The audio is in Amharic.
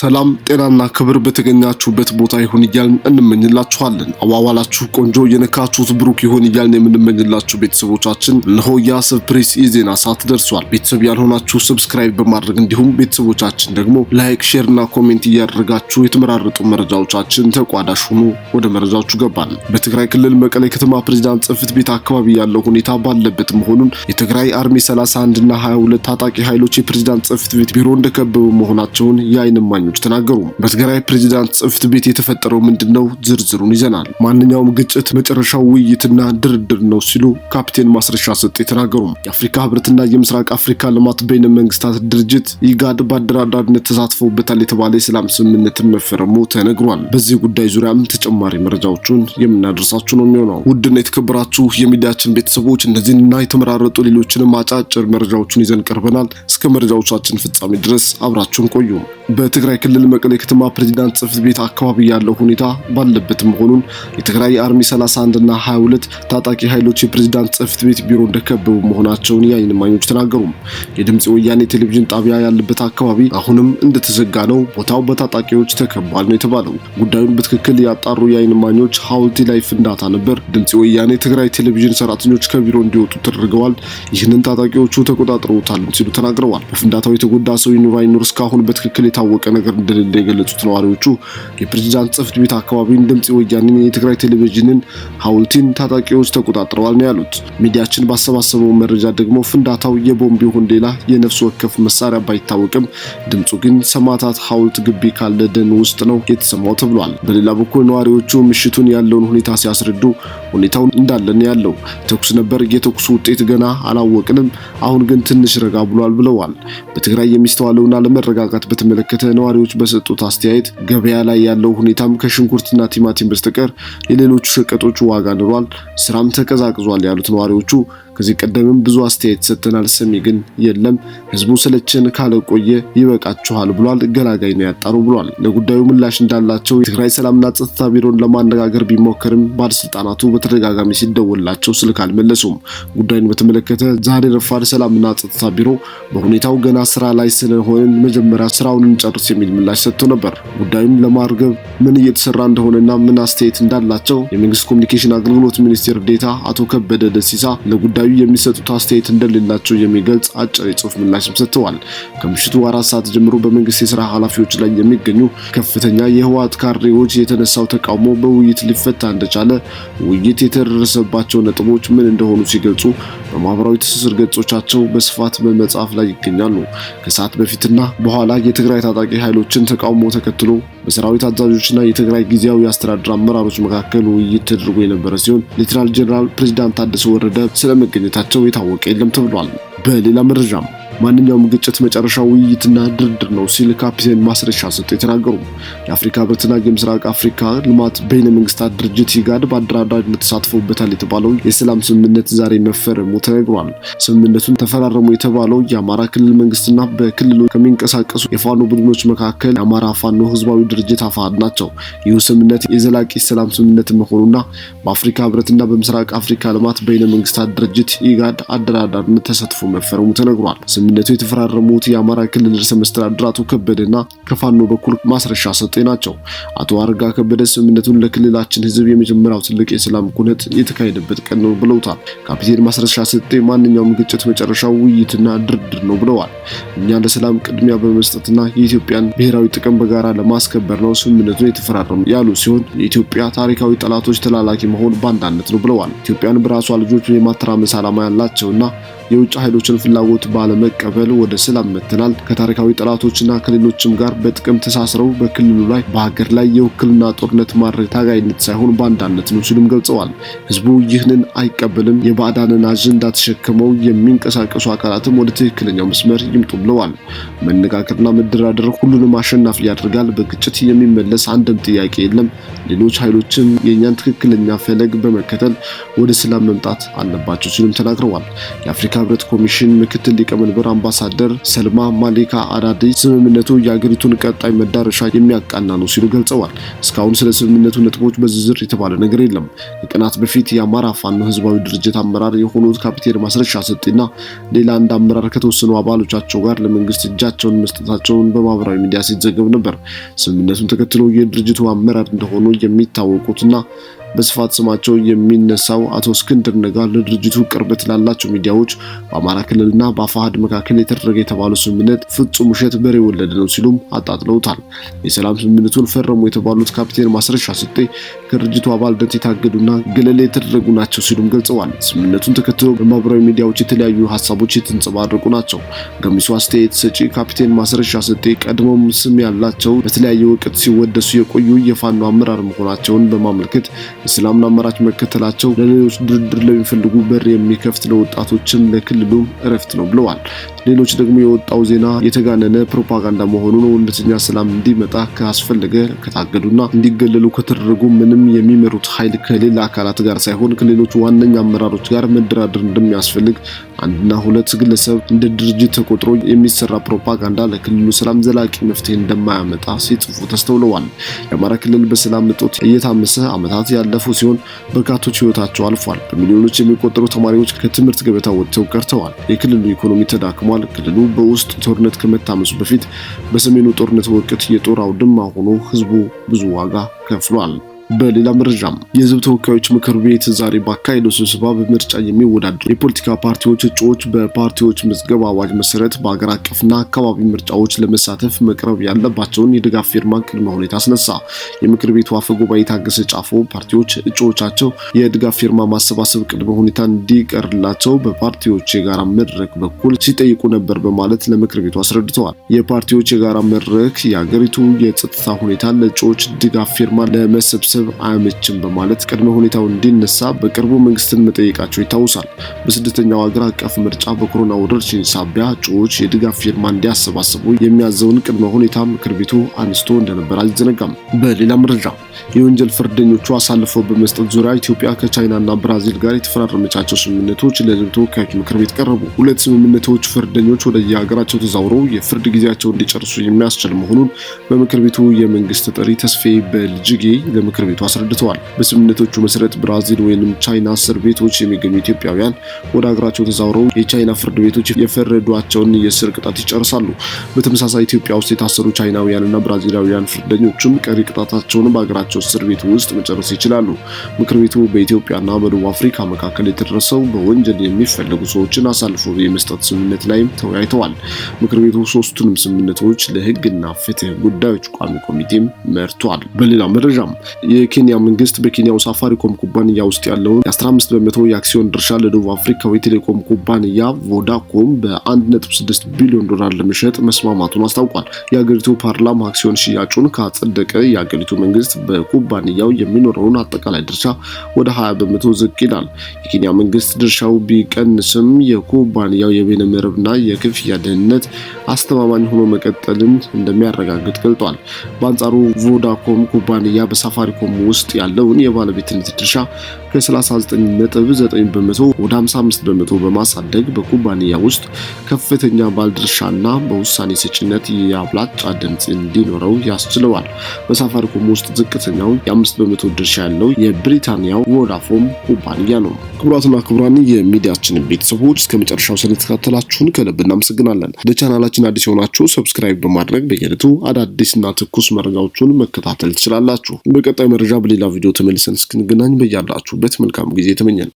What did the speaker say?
ሰላም ጤናና ክብር በተገኛችሁበት ቦታ ይሁን እያልን እንመኝላችኋለን። አዋዋላችሁ ቆንጆ የነካችሁት ብሩክ ይሁን እያልን የምንመኝላችሁ ቤተሰቦቻችን እነሆ የአሰብ ፕሬስ የዜና ሰዓት ደርሷል። ቤተሰብ ያልሆናችሁ ሰብስክራይብ በማድረግ እንዲሁም ቤተሰቦቻችን ደግሞ ላይክ፣ ሼር እና ኮሜንት እያደረጋችሁ የተመራረጡ መረጃዎቻችን ተቋዳሽ ሁኑ። ወደ መረጃዎቹ ገባል። በትግራይ ክልል መቀሌ ከተማ ፕሬዚዳንት ጽሕፈት ቤት አካባቢ ያለው ሁኔታ ባለበት መሆኑን የትግራይ አርሚ 31 እና 22 ታጣቂ ኃይሎች የፕሬዚዳንት ጽህፈት ቤት ቢሮ እንደከበቡ መሆናቸውን የአይን እማኝ ተንታኞች ተናገሩ። በትግራይ ፕሬዚዳንት ጽሕፈት ቤት የተፈጠረው ምንድን ነው? ዝርዝሩን ይዘናል። ማንኛውም ግጭት መጨረሻው ውይይትና ድርድር ነው ሲሉ ካፕቴን ማስረሻ ሰጥ የተናገሩ የአፍሪካ ህብረትና የምስራቅ አፍሪካ ልማት በይነ መንግስታት ድርጅት ኢጋድ በአደራዳሪነት ተሳትፎበታል የተባለ የሰላም ስምምነትን መፈረሙ ተነግሯል። በዚህ ጉዳይ ዙሪያም ተጨማሪ መረጃዎቹን የምናደርሳችሁ ነው የሚሆነው። ውድና የተከበራችሁ የሚዲያችን ቤተሰቦች እነዚህንና የተመራረጡ ሌሎችንም አጫጭር መረጃዎችን ይዘን ቀርበናል። እስከ መረጃዎቻችን ፍጻሜ ድረስ አብራችሁን ቆዩ። በትግራይ የትግራይ ክልል መቀሌ ከተማ ፕሬዚዳንት ጽህፈት ቤት አካባቢ ያለው ሁኔታ ባለበት መሆኑን የትግራይ አርሚ 31 እና 22 ታጣቂ ኃይሎች የፕሬዚዳንት ጽሕፈት ቤት ቢሮ እንደከበቡ መሆናቸውን የዓይን እማኞች ተናገሩ። የድምፅ ወያኔ ቴሌቪዥን ጣቢያ ያለበት አካባቢ አሁንም እንደተዘጋ ነው፣ ቦታው በታጣቂዎች ተከቧል ነው የተባለው። ጉዳዩን በትክክል ያጣሩ የዓይን እማኞች ሐውልቲ ላይ ፍንዳታ ነበር፣ ድምፅ ወያኔ ትግራይ ቴሌቪዥን ሰራተኞች ከቢሮ እንዲወጡ ተደርገዋል፣ ይህንን ታጣቂዎቹ ተቆጣጥረውታል ሲሉ ተናግረዋል። በፍንዳታው የተጎዳ ሰው ይኑር አይኑር እስካሁን በትክክል የታወቀ ነገር ነገር እንደሌለ የገለጹት ነዋሪዎቹ የፕሬዝዳንት ጽሕፈት ቤት አካባቢን፣ ድምፅ ወያኔን፣ የትግራይ ቴሌቪዥንን፣ ሐውልቲን ታጣቂዎች ተቆጣጥረዋል ነው ያሉት። ሚዲያችን ባሰባሰበው መረጃ ደግሞ ፍንዳታው የቦምብ ይሁን ሌላ የነፍስ ወከፍ መሳሪያ ባይታወቅም ድምፁ ግን ሰማዕታት ሐውልት ግቢ ካለ ደን ውስጥ ነው የተሰማው ተብሏል። በሌላ በኩል ነዋሪዎቹ ምሽቱን ያለውን ሁኔታ ሲያስረዱ ሁኔታው እንዳለን ያለው ተኩስ ነበር። የተኩሱ ውጤት ገና አላወቅንም። አሁን ግን ትንሽ ረጋ ብሏል ብለዋል። በትግራይ የሚስተዋለውና ለመረጋጋት በተመለከተ ነዋሪ ተመራማሪዎች በሰጡት አስተያየት ገበያ ላይ ያለው ሁኔታም ከሽንኩርትና ቲማቲም በስተቀር የሌሎቹ ሸቀጦች ዋጋ ንሯል፣ ስራም ተቀዛቅዟል ያሉት ነዋሪዎቹ ከዚህ ቀደምም ብዙ አስተያየት ሰጥተናል። ስሚ ግን የለም ህዝቡ ስለችን ካለቆየ ይበቃችኋል ብሏል። ገላጋይ ነው ያጣሩ ብሏል። ለጉዳዩ ምላሽ እንዳላቸው የትግራይ ሰላምና ጸጥታ ቢሮን ለማነጋገር ቢሞከርም ባለስልጣናቱ በተደጋጋሚ ሲደወላቸው ስልክ አልመለሱም። ጉዳዩን በተመለከተ ዛሬ ረፋድ ሰላምና ጸጥታ ቢሮ በሁኔታው ገና ስራ ላይ ስለሆንን መጀመሪያ ስራውን እንጨርስ የሚል ምላሽ ሰጥቶ ነበር። ጉዳዩን ለማርገብ ምን እየተሰራ እንደሆነና ምን አስተያየት እንዳላቸው የመንግስት ኮሚኒኬሽን አገልግሎት ሚኒስቴር ዴታ አቶ ከበደ ደሲሳ ለጉዳዩ ጉዳዩ የሚሰጡት አስተያየት እንደሌላቸው የሚገልጽ አጭር የጽሁፍ ምላሽም ሰጥተዋል። ከምሽቱ አራት ሰዓት ጀምሮ በመንግስት የስራ ኃላፊዎች ላይ የሚገኙ ከፍተኛ የህወሓት ካድሬዎች የተነሳው ተቃውሞ በውይይት ሊፈታ እንደቻለ፣ ውይይት የተደረሰባቸው ነጥቦች ምን እንደሆኑ ሲገልጹ በማህበራዊ ትስስር ገጾቻቸው በስፋት በመጻፍ ላይ ይገኛሉ። ከሰዓት በፊትና በኋላ የትግራይ ታጣቂ ኃይሎችን ተቃውሞ ተከትሎ በሰራዊት አዛዦችና የትግራይ ጊዜያዊ አስተዳደር አመራሮች መካከል ውይይት ተደርጎ የነበረ ሲሆን ሌተናል ጄኔራል ፕሬዚዳንት ታደሰ ወረደ ስለመገኘታቸው የታወቀ የለም ተብሏል። በሌላ መረጃም ማንኛውም ግጭት መጨረሻው ውይይትና ድርድር ነው ሲል ካፒቴን ማስረሻ ሰጡ የተናገሩ የአፍሪካ ህብረትና የምስራቅ አፍሪካ ልማት በይነ መንግስታት ድርጅት ኢጋድ በአደራዳሪነት ተሳትፎበታል የተባለው የሰላም ስምምነት ዛሬ መፈረሙ ተነግሯል። ስምምነቱን ተፈራረሙ የተባለው የአማራ ክልል መንግስትና በክልሉ ከሚንቀሳቀሱ የፋኖ ቡድኖች መካከል የአማራ ፋኖ ህዝባዊ ድርጅት አፋድ ናቸው። ይህ ስምምነት የዘላቂ ሰላም ስምምነት መሆኑና በአፍሪካ ህብረትና በምስራቅ አፍሪካ ልማት በይነ መንግስታት ድርጅት ኢጋድ አደራዳሪነት ተሳትፎ መፈረሙ ተነግሯል። በስምምነቱ የተፈራረሙት የአማራ ክልል ርዕሰ መስተዳድር አቶ ከበደና ከፋኖ በኩል ማስረሻ ሰጤ ናቸው። አቶ አረጋ ከበደ ስምምነቱን ለክልላችን ህዝብ የመጀመሪያው ትልቅ የሰላም ኩነት የተካሄደበት ቀን ነው ብለውታል። ካፒቴን ማስረሻ ሰጤ ማንኛውም ግጭት መጨረሻው ውይይትና ድርድር ነው ብለዋል። እኛ ለሰላም ቅድሚያ በመስጠትና የኢትዮጵያን ብሔራዊ ጥቅም በጋራ ለማስከበር ነው ስምምነቱን የተፈራረሙ ያሉ ሲሆን የኢትዮጵያ ታሪካዊ ጠላቶች ተላላኪ መሆን ባንዳነት ነው ብለዋል። ኢትዮጵያን በራሷ ልጆች የማተራመስ ዓላማ ያላቸውና የውጭ ኃይሎችን ፍላጎት ባለመ በመቀበል ወደ ሰላም መጥተናል። ከታሪካዊ ጠላቶችና ከሌሎችም ጋር በጥቅም ተሳስረው በክልሉ ላይ በሀገር ላይ የውክልና ጦርነት ማድረግ ታጋይነት ሳይሆን በአንዳነት ነው ሲሉም ገልጸዋል። ህዝቡ ይህንን አይቀበልም። የባዕዳንን አጀንዳ ተሸክመው የሚንቀሳቀሱ አካላትም ወደ ትክክለኛው መስመር ይምጡ ብለዋል። መነጋገርና መደራደር ሁሉንም አሸናፊ ያደርጋል። በግጭት የሚመለስ አንድም ጥያቄ የለም። ሌሎች ኃይሎችም የእኛን ትክክለኛ ፈለግ በመከተል ወደ ሰላም መምጣት አለባቸው ሲሉም ተናግረዋል። የአፍሪካ ህብረት ኮሚሽን ምክትል ሊቀመንበር የኳታር አምባሳደር ሰልማ ማሌካ አዳዲ ስምምነቱ የአገሪቱን ቀጣይ መዳረሻ የሚያቃና ነው ሲሉ ገልጸዋል። እስካሁን ስለ ስምምነቱ ነጥቦች በዝርዝር የተባለ ነገር የለም። ከቀናት በፊት የአማራ ፋኖ ህዝባዊ ድርጅት አመራር የሆኑት ካፒቴን ማስረሻ ሰጤና ሌላ አንድ አመራር ከተወሰኑ አባሎቻቸው ጋር ለመንግስት እጃቸውን መስጠታቸውን በማህበራዊ ሚዲያ ሲዘገብ ነበር። ስምምነቱን ተከትሎ የድርጅቱ አመራር እንደሆኑ የሚታወቁትና በስፋት ስማቸው የሚነሳው አቶ እስክንድር ነጋ ለድርጅቱ ቅርበት ላላቸው ሚዲያዎች በአማራ ክልልና በአፋሃድ መካከል የተደረገ የተባለው ስምምነት ፍጹም ውሸት በሬ ወለደ ነው ሲሉም አጣጥለውታል። የሰላም ስምምነቱን ፈረሙ የተባሉት ካፕቴን ማስረሻ ስጤ ከድርጅቱ አባልነት የታገዱና ገለል የተደረጉ ናቸው ሲሉም ገልጸዋል። ስምምነቱን ተከትሎ በማህበራዊ ሚዲያዎች የተለያዩ ሀሳቦች የተንጸባረቁ ናቸው። ገሚሱ አስተያየት ሰጪ ካፕቴን ማስረሻ ስጤ ቀድሞም ስም ያላቸው በተለያየ ወቅት ሲወደሱ የቆዩ የፋኖ አመራር መሆናቸውን በማመልከት እስላምን አማራጭ መከተላቸው ለሌሎች ድርድር ለሚፈልጉ በር የሚከፍት ለወጣቶችም ለክልሉም እረፍት ነው ብለዋል። ሌሎች ደግሞ የወጣው ዜና የተጋነነ ፕሮፓጋንዳ ነው። እውነተኛ ሰላም እንዲመጣ ካስፈለገ ከታገዱና እንዲገለሉ ከተደረጉ ምንም የሚመሩት ኃይል ከሌላ አካላት ጋር ሳይሆን ከሌሎች ዋነኛ አመራሮች ጋር መደራደር እንደሚያስፈልግ አንድና ሁለት ግለሰብ እንደ ድርጅት ተቆጥሮ የሚሰራ ፕሮፓጋንዳ ለክልሉ ሰላም ዘላቂ መፍትሄ እንደማያመጣ ሲጽፉ ተስተውለዋል። የአማራ ክልል በሰላም እጦት እየታመሰ ዓመታት ያለፉ ሲሆን በርካቶች ህይወታቸው አልፏል። በሚሊዮኖች የሚቆጠሩ ተማሪዎች ከትምህርት ገበታ ወጥተው ቀርተዋል። የክልሉ ኢኮኖሚ ተዳክሟል። ክልሉ በውስጥ ጦርነት ከመታመሱ በፊት በሰሜኑ ጦርነት ወቅት የጦር አውድማ ሆኖ ህዝቡ ብዙ ዋጋ ከፍሏል። በሌላ መረጃም የህዝብ ተወካዮች ምክር ቤት ዛሬ ባካሄደው ስብሰባ በምርጫ የሚወዳደሩ የፖለቲካ ፓርቲዎች እጩዎች በፓርቲዎች ምዝገባ አዋጅ መሰረት በአገር አቀፍና አካባቢ ምርጫዎች ለመሳተፍ መቅረብ ያለባቸውን የድጋፍ ፊርማ ቅድመ ሁኔታ አስነሳ። የምክር ቤቱ አፈ ጉባኤ ታገሰ ጫፎ ፓርቲዎች እጩዎቻቸው የድጋፍ ፊርማ ማሰባሰብ ቅድመ ሁኔታ እንዲቀርላቸው በፓርቲዎች የጋራ መድረክ በኩል ሲጠይቁ ነበር በማለት ለምክር ቤቱ አስረድተዋል። የፓርቲዎች የጋራ መድረክ የአገሪቱ የጸጥታ ሁኔታ ለእጩዎች ድጋፍ ፊርማ ለመሰብሰብ ለስብስብ አያመችም በማለት ቅድመ ሁኔታው እንዲነሳ በቅርቡ መንግስትን መጠየቃቸው ይታወሳል። በስድስተኛው ሀገር አቀፍ ምርጫ በኮሮና ወረርሽኝ ሳቢያ እጩዎች የድጋፍ ፊርማ እንዲያሰባስቡ የሚያዘውን ቅድመ ሁኔታ ምክር ቤቱ አንስቶ እንደነበር አይዘነጋም። በሌላ መረጃ የወንጀል ፍርደኞቹ አሳልፈው በመስጠት ዙሪያ ኢትዮጵያ ከቻይናና ብራዚል ጋር የተፈራረመቻቸው ስምምነቶች ለሕዝብ ተወካዮች ምክር ቤት ቀረቡ። ሁለት ስምምነቶች ፍርደኞች ወደ የሀገራቸው ተዛውረው የፍርድ ጊዜያቸው እንዲጨርሱ የሚያስችል መሆኑን በምክር ቤቱ የመንግስት ተጠሪ ተስፋዬ በልጅጌ ለምክር ቤቱ አስረድተዋል። በስምምነቶቹ መሰረት ብራዚል ወይም ቻይና እስር ቤቶች የሚገኙ ኢትዮጵያውያን ወደ ሀገራቸው ተዛውረው የቻይና ፍርድ ቤቶች የፈረዷቸውን የእስር ቅጣት ይጨርሳሉ። በተመሳሳይ ኢትዮጵያ ውስጥ የታሰሩ ቻይናውያንና ብራዚላውያን ፍርደኞችም ቀሪ ቅጣታቸውን በሀገራቸው እስር ቤት ውስጥ መጨረስ ይችላሉ። ምክር ቤቱ በኢትዮጵያና በደቡብ አፍሪካ መካከል የተደረሰው በወንጀል የሚፈለጉ ሰዎችን አሳልፎ የመስጠት ስምምነት ላይም ተወያይተዋል። ምክር ቤቱ ሶስቱንም ስምምነቶች ለህግና ፍትህ ጉዳዮች ቋሚ ኮሚቴም መርቷል። በሌላ መረጃም የኬንያ መንግስት በኬንያው ሳፋሪኮም ኩባንያ ውስጥ ያለውን የ15 በመቶ የአክሲዮን ድርሻ ለደቡብ አፍሪካዊ ቴሌኮም ኩባንያ ቮዳኮም በ1.6 ቢሊዮን ዶላር ለመሸጥ መስማማቱን አስታውቋል። የአገሪቱ ፓርላማ አክሲዮን ሽያጩን ካጸደቀ የአገሪቱ መንግስት በኩባንያው የሚኖረውን አጠቃላይ ድርሻ ወደ 20 በመቶ ዝቅ ይላል። የኬንያ መንግስት ድርሻው ቢቀንስም የኩባንያው የቤነ መረብና የክፍያ ደህንነት አስተማማኝ ሆኖ መቀጠልን እንደሚያረጋግጥ ገልጧል። በአንጻሩ ቮዳኮም ኩባንያ በሳፋሪኮም በቴሌኮም ውስጥ ያለውን የባለቤትነት ድርሻ ከ39.9 በመቶ ወደ 55 በመቶ በማሳደግ በኩባንያ ውስጥ ከፍተኛ ባለድርሻና በውሳኔ ሰጪነት የአብላጫ ድምፅ እንዲኖረው ያስችለዋል። በሳፋሪኮም ውስጥ ዝቅተኛው የ5 በመቶ ድርሻ ያለው የብሪታንያው ቮዳፎን ኩባንያ ነው። ክቡራትና ክቡራን የሚዲያችን ቤተሰቦች እስከ መጨረሻው ስለተከታተላችሁን ከልብ እናመሰግናለን። ለቻናላችን አዲስ የሆናችሁ ሰብስክራይብ በማድረግ በየለቱ አዳዲስና ትኩስ መረጃዎቹን መከታተል ትችላላችሁ። በቀጣይ መረጃ በሌላ ቪዲዮ ተመልሰን እስክንገናኝ በያላችሁበት መልካም ጊዜ ተመኘን።